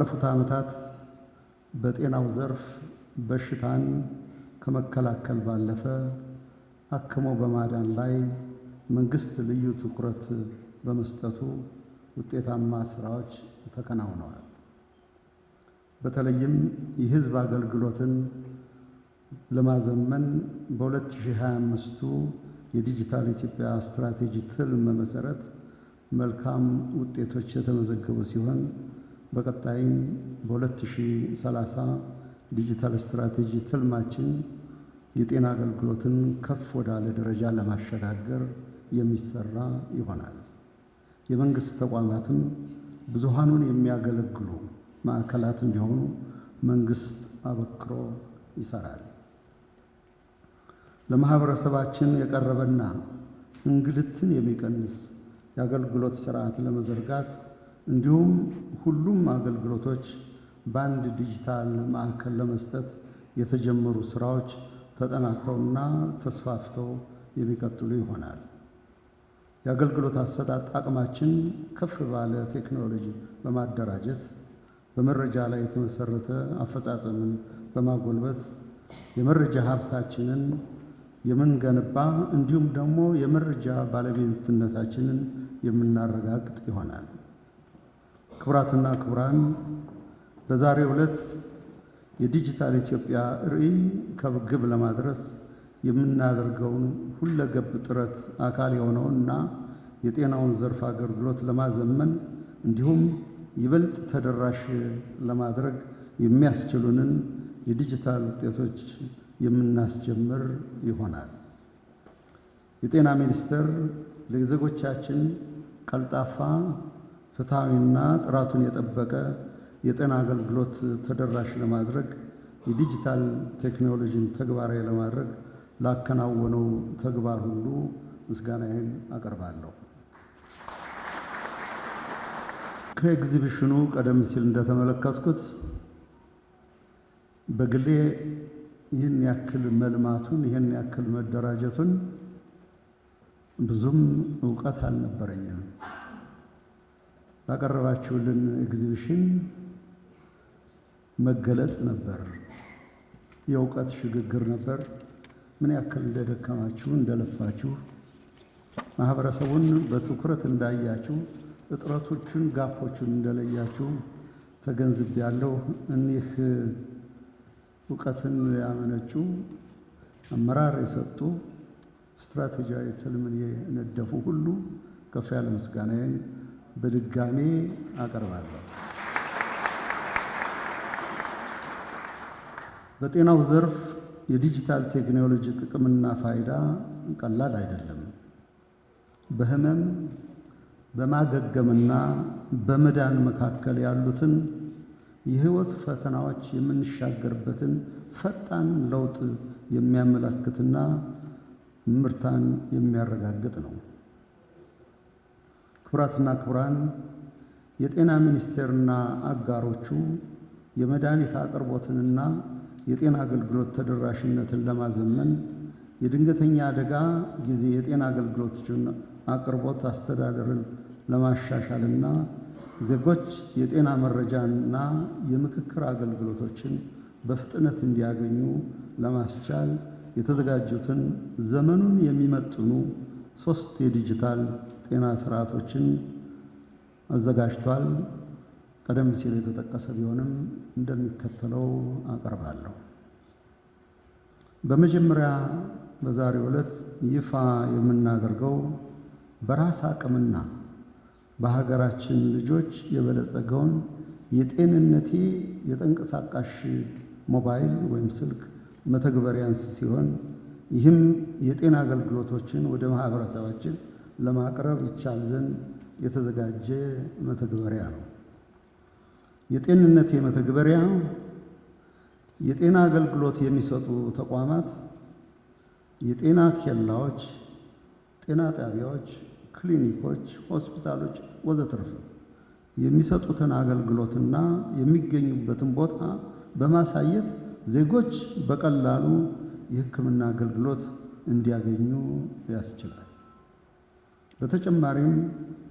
ባለፉት ዓመታት በጤናው ዘርፍ በሽታን ከመከላከል ባለፈ አክሞ በማዳን ላይ መንግስት ልዩ ትኩረት በመስጠቱ ውጤታማ ስራዎች ተከናውነዋል። በተለይም የህዝብ አገልግሎትን ለማዘመን በ2025 የዲጂታል ኢትዮጵያ ስትራቴጂ ትልም መሰረት መልካም ውጤቶች የተመዘገቡ ሲሆን በቀጣይም በ2030 ዲጂታል ስትራቴጂ ትልማችን የጤና አገልግሎትን ከፍ ወዳለ ደረጃ ለማሸጋገር የሚሰራ ይሆናል። የመንግስት ተቋማትም ብዙሃኑን የሚያገለግሉ ማዕከላት እንዲሆኑ መንግስት አበክሮ ይሰራል። ለማህበረሰባችን የቀረበና እንግልትን የሚቀንስ የአገልግሎት ስርዓት ለመዘርጋት እንዲሁም ሁሉም አገልግሎቶች በአንድ ዲጂታል ማዕከል ለመስጠት የተጀመሩ ስራዎች ተጠናክረውና ተስፋፍተው የሚቀጥሉ ይሆናል። የአገልግሎት አሰጣጥ አቅማችን ከፍ ባለ ቴክኖሎጂ በማደራጀት በመረጃ ላይ የተመሰረተ አፈጻጸምን በማጎልበት የመረጃ ሀብታችንን የምንገነባ እንዲሁም ደግሞ የመረጃ ባለቤትነታችንን የምናረጋግጥ ይሆናል። ክቡራትና ክቡራን በዛሬው ዕለት የዲጂታል ኢትዮጵያ ራዕይ ከግብ ለማድረስ የምናደርገውን ሁለገብ ጥረት አካል የሆነውና የጤናውን ዘርፍ አገልግሎት ለማዘመን እንዲሁም ይበልጥ ተደራሽ ለማድረግ የሚያስችሉንን የዲጂታል ውጤቶች የምናስጀምር ይሆናል። የጤና ሚኒስቴር ለዜጎቻችን ቀልጣፋ ፍትሐዊና ጥራቱን የጠበቀ የጤና አገልግሎት ተደራሽ ለማድረግ የዲጂታል ቴክኖሎጂን ተግባራዊ ለማድረግ ላከናወነው ተግባር ሁሉ ምስጋናዬን አቀርባለሁ። ከኤግዚቢሽኑ ቀደም ሲል እንደተመለከትኩት በግሌ ይህን ያክል መልማቱን ይህን ያክል መደራጀቱን ብዙም እውቀት አልነበረኝም። ባቀረባችሁልን ኤግዚቢሽን መገለጽ ነበር። የእውቀት ሽግግር ነበር። ምን ያክል እንደደከማችሁ እንደለፋችሁ፣ ማህበረሰቡን በትኩረት እንዳያችሁ፣ እጥረቶቹን ጋፎቹን እንደለያችሁ ተገንዝቤያለሁ። እኒህ እውቀትን ያመነጩ አመራር የሰጡ ስትራቴጂያዊ ትልምን የነደፉ ሁሉ ከፍ ያለ ምስጋናዬን በድጋሜ አቀርባለሁ። በጤናው ዘርፍ የዲጂታል ቴክኖሎጂ ጥቅምና ፋይዳ ቀላል አይደለም። በህመም በማገገምና በመዳን መካከል ያሉትን የህይወት ፈተናዎች የምንሻገርበትን ፈጣን ለውጥ የሚያመላክትና ምርታን የሚያረጋግጥ ነው። ክቡራትና ክቡራን የጤና ሚኒስቴርና አጋሮቹ የመድኃኒት አቅርቦትንና የጤና አገልግሎት ተደራሽነትን ለማዘመን የድንገተኛ አደጋ ጊዜ የጤና አገልግሎቶችን አቅርቦት አስተዳደርን ለማሻሻልና ዜጎች የጤና መረጃና የምክክር አገልግሎቶችን በፍጥነት እንዲያገኙ ለማስቻል የተዘጋጁትን ዘመኑን የሚመጥኑ ሶስት የዲጂታል ጤና ስርዓቶችን አዘጋጅቷል። ቀደም ሲል የተጠቀሰ ቢሆንም እንደሚከተለው አቀርባለሁ። በመጀመሪያ በዛሬው ዕለት ይፋ የምናደርገው በራስ አቅምና በሀገራችን ልጆች የበለጸገውን የጤንነቴ የተንቀሳቃሽ ሞባይል ወይም ስልክ መተግበሪያንስ ሲሆን ይህም የጤና አገልግሎቶችን ወደ ማህበረሰባችን ለማቅረብ ይቻል ዘንድ የተዘጋጀ መተግበሪያ ነው። የጤንነት መተግበሪያ የጤና አገልግሎት የሚሰጡ ተቋማት፣ የጤና ኬላዎች፣ ጤና ጣቢያዎች፣ ክሊኒኮች፣ ሆስፒታሎች ወዘተርፈ የሚሰጡትን አገልግሎትና የሚገኙበትን ቦታ በማሳየት ዜጎች በቀላሉ የሕክምና አገልግሎት እንዲያገኙ ያስችላል። በተጨማሪም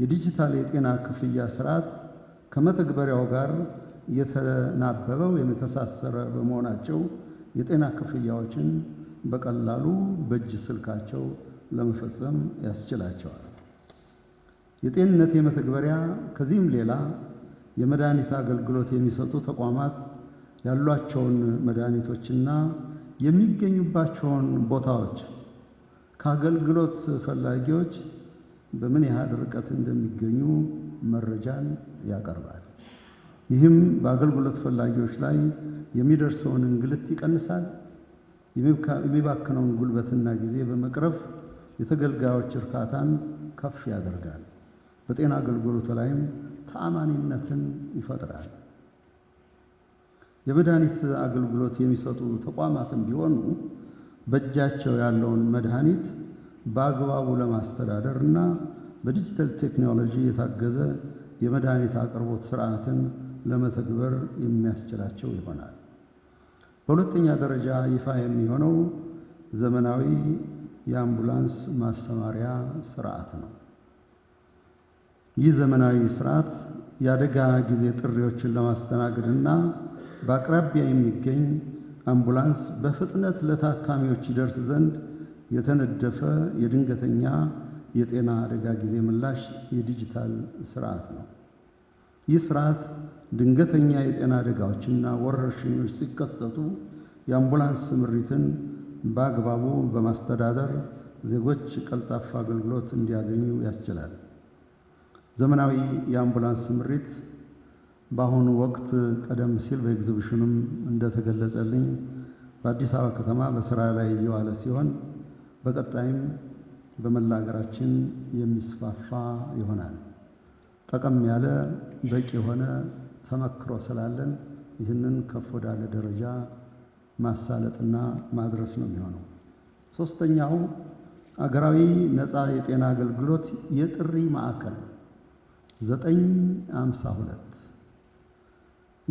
የዲጂታል የጤና ክፍያ ስርዓት ከመተግበሪያው ጋር እየተናበበው የተሳሰረ በመሆናቸው የጤና ክፍያዎችን በቀላሉ በእጅ ስልካቸው ለመፈጸም ያስችላቸዋል። የጤንነት የመተግበሪያ ከዚህም ሌላ የመድኃኒት አገልግሎት የሚሰጡ ተቋማት ያሏቸውን መድኃኒቶችና የሚገኙባቸውን ቦታዎች ከአገልግሎት ፈላጊዎች በምን ያህል ርቀት እንደሚገኙ መረጃን ያቀርባል። ይህም በአገልግሎት ፈላጊዎች ላይ የሚደርሰውን እንግልት ይቀንሳል። የሚባክነውን ጉልበትና ጊዜ በመቅረፍ የተገልጋዮች እርካታን ከፍ ያደርጋል። በጤና አገልግሎት ላይም ተአማኒነትን ይፈጥራል። የመድኃኒት አገልግሎት የሚሰጡ ተቋማትም ቢሆኑ በእጃቸው ያለውን መድኃኒት በአግባቡ ለማስተዳደር እና በዲጂታል ቴክኖሎጂ የታገዘ የመድኃኒት አቅርቦት ስርዓትን ለመተግበር የሚያስችላቸው ይሆናል። በሁለተኛ ደረጃ ይፋ የሚሆነው ዘመናዊ የአምቡላንስ ማሰማሪያ ስርዓት ነው። ይህ ዘመናዊ ስርዓት የአደጋ ጊዜ ጥሪዎችን ለማስተናገድ እና በአቅራቢያ የሚገኝ አምቡላንስ በፍጥነት ለታካሚዎች ይደርስ ዘንድ የተነደፈ የድንገተኛ የጤና አደጋ ጊዜ ምላሽ የዲጂታል ስርዓት ነው። ይህ ስርዓት ድንገተኛ የጤና አደጋዎችና ወረርሽኞች ሲከሰቱ የአምቡላንስ ስምሪትን በአግባቡ በማስተዳደር ዜጎች ቀልጣፋ አገልግሎት እንዲያገኙ ያስችላል። ዘመናዊ የአምቡላንስ ስምሪት በአሁኑ ወቅት ቀደም ሲል በኤግዚቢሽኑም እንደተገለጸልኝ በአዲስ አበባ ከተማ በስራ ላይ እየዋለ ሲሆን በቀጣይም በመላ ሀገራችን የሚስፋፋ ይሆናል። ጠቀም ያለ በቂ የሆነ ተመክሮ ስላለን ይህንን ከፍ ወዳለ ደረጃ ማሳለጥና ማድረስ ነው የሚሆነው። ሶስተኛው አገራዊ ነፃ የጤና አገልግሎት የጥሪ ማዕከል 952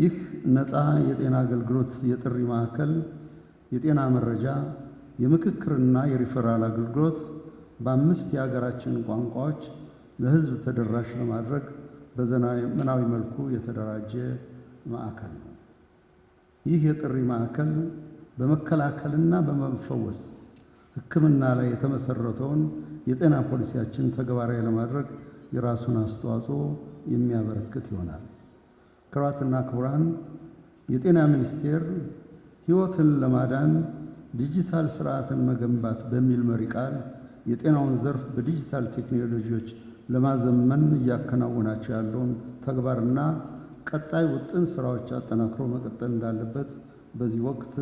ይህ ነፃ የጤና አገልግሎት የጥሪ ማዕከል የጤና መረጃ የምክክርና የሪፈራል አገልግሎት በአምስት የሀገራችን ቋንቋዎች ለሕዝብ ተደራሽ ለማድረግ በዘመናዊ መልኩ የተደራጀ ማዕከል ነው። ይህ የጥሪ ማዕከል በመከላከልና በመፈወስ ሕክምና ላይ የተመሰረተውን የጤና ፖሊሲያችን ተግባራዊ ለማድረግ የራሱን አስተዋጽኦ የሚያበረክት ይሆናል። ክቡራትና ክቡራን፣ የጤና ሚኒስቴር ሕይወትን ለማዳን ዲጂታል ስርዓትን መገንባት በሚል መሪ ቃል የጤናውን ዘርፍ በዲጂታል ቴክኖሎጂዎች ለማዘመን እያከናወናቸው ያለውን ተግባርና ቀጣይ ውጥን ስራዎች አጠናክሮ መቀጠል እንዳለበት በዚህ ወቅት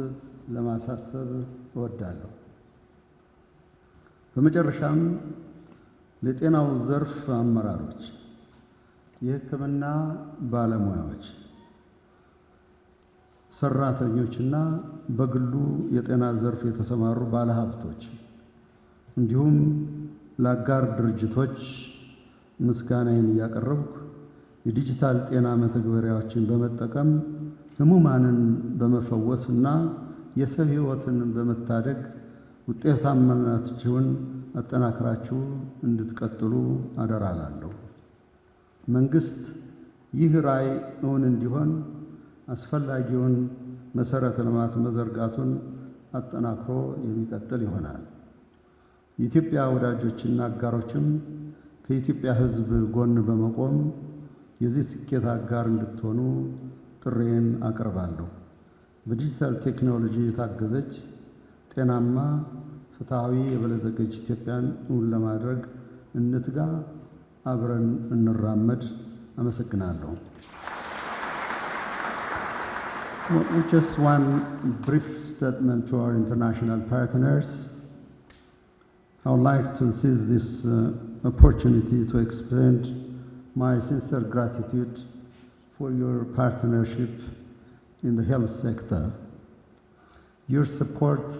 ለማሳሰብ እወዳለሁ። በመጨረሻም ለጤናው ዘርፍ አመራሮች፣ የሕክምና ባለሙያዎች ሰራተኞችና በግሉ የጤና ዘርፍ የተሰማሩ ባለሀብቶች እንዲሁም ለአጋር ድርጅቶች ምስጋናዬን እያቀረብኩ የዲጂታል ጤና መተግበሪያዎችን በመጠቀም ህሙማንን በመፈወስ እና የሰው ህይወትን በመታደግ ውጤታማነታችሁን አጠናክራችሁ እንድትቀጥሉ አደራላለሁ። መንግሥት ይህ ራዕይ እውን እንዲሆን አስፈላጊውን መሰረተ ልማት መዘርጋቱን አጠናክሮ የሚቀጥል ይሆናል። የኢትዮጵያ ወዳጆችና አጋሮችም ከኢትዮጵያ ሕዝብ ጎን በመቆም የዚህ ስኬት አጋር እንድትሆኑ ጥሬን አቀርባለሁ። በዲጂታል ቴክኖሎጂ የታገዘች ጤናማ፣ ፍትሐዊ፣ የበለጸገች ኢትዮጵያን እውን ለማድረግ እንትጋ፣ አብረን እንራመድ። አመሰግናለሁ። Well, just one brief statement to our international partners. I would like to seize this uh, opportunity to extend my sincere gratitude for your partnership in the health sector. Your support,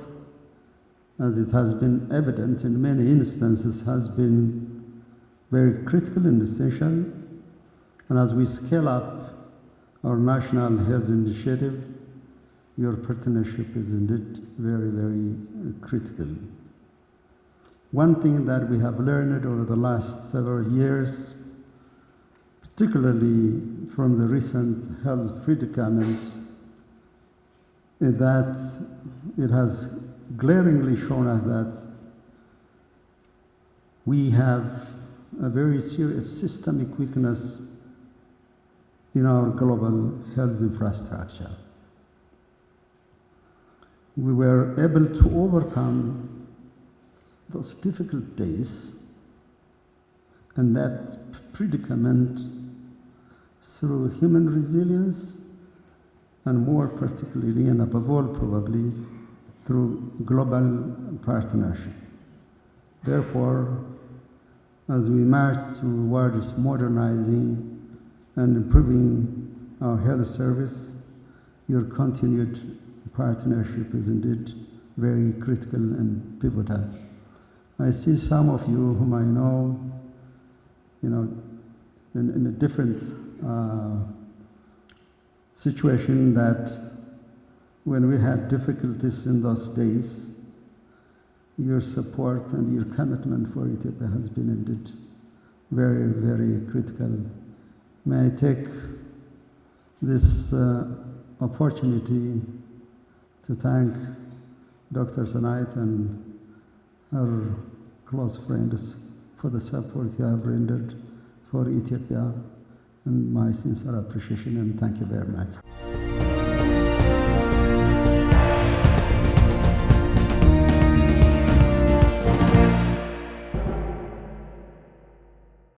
as it has been evident in many instances, has been very critical and essential. And as we scale up our National Health Initiative, your partnership is indeed very, very uh, critical. One thing that we have learned over the last several years, particularly from the recent health predicament, is that it has glaringly shown us that we have a very serious systemic weakness in our global health infrastructure. We were able to overcome those difficult days and that predicament through human resilience and more particularly and above all probably through global partnership. Therefore, as we march towards modernizing and improving our health service. Your continued partnership is indeed very critical and pivotal. I see some of you whom I know, you know, in, in a different uh, situation that when we had difficulties in those days, your support and your commitment for Ethiopia has been indeed very, very critical may I take this uh, opportunity to thank Dr. Tonight and her close friends for the support you have rendered for Ethiopia and my sincere appreciation and thank you very much.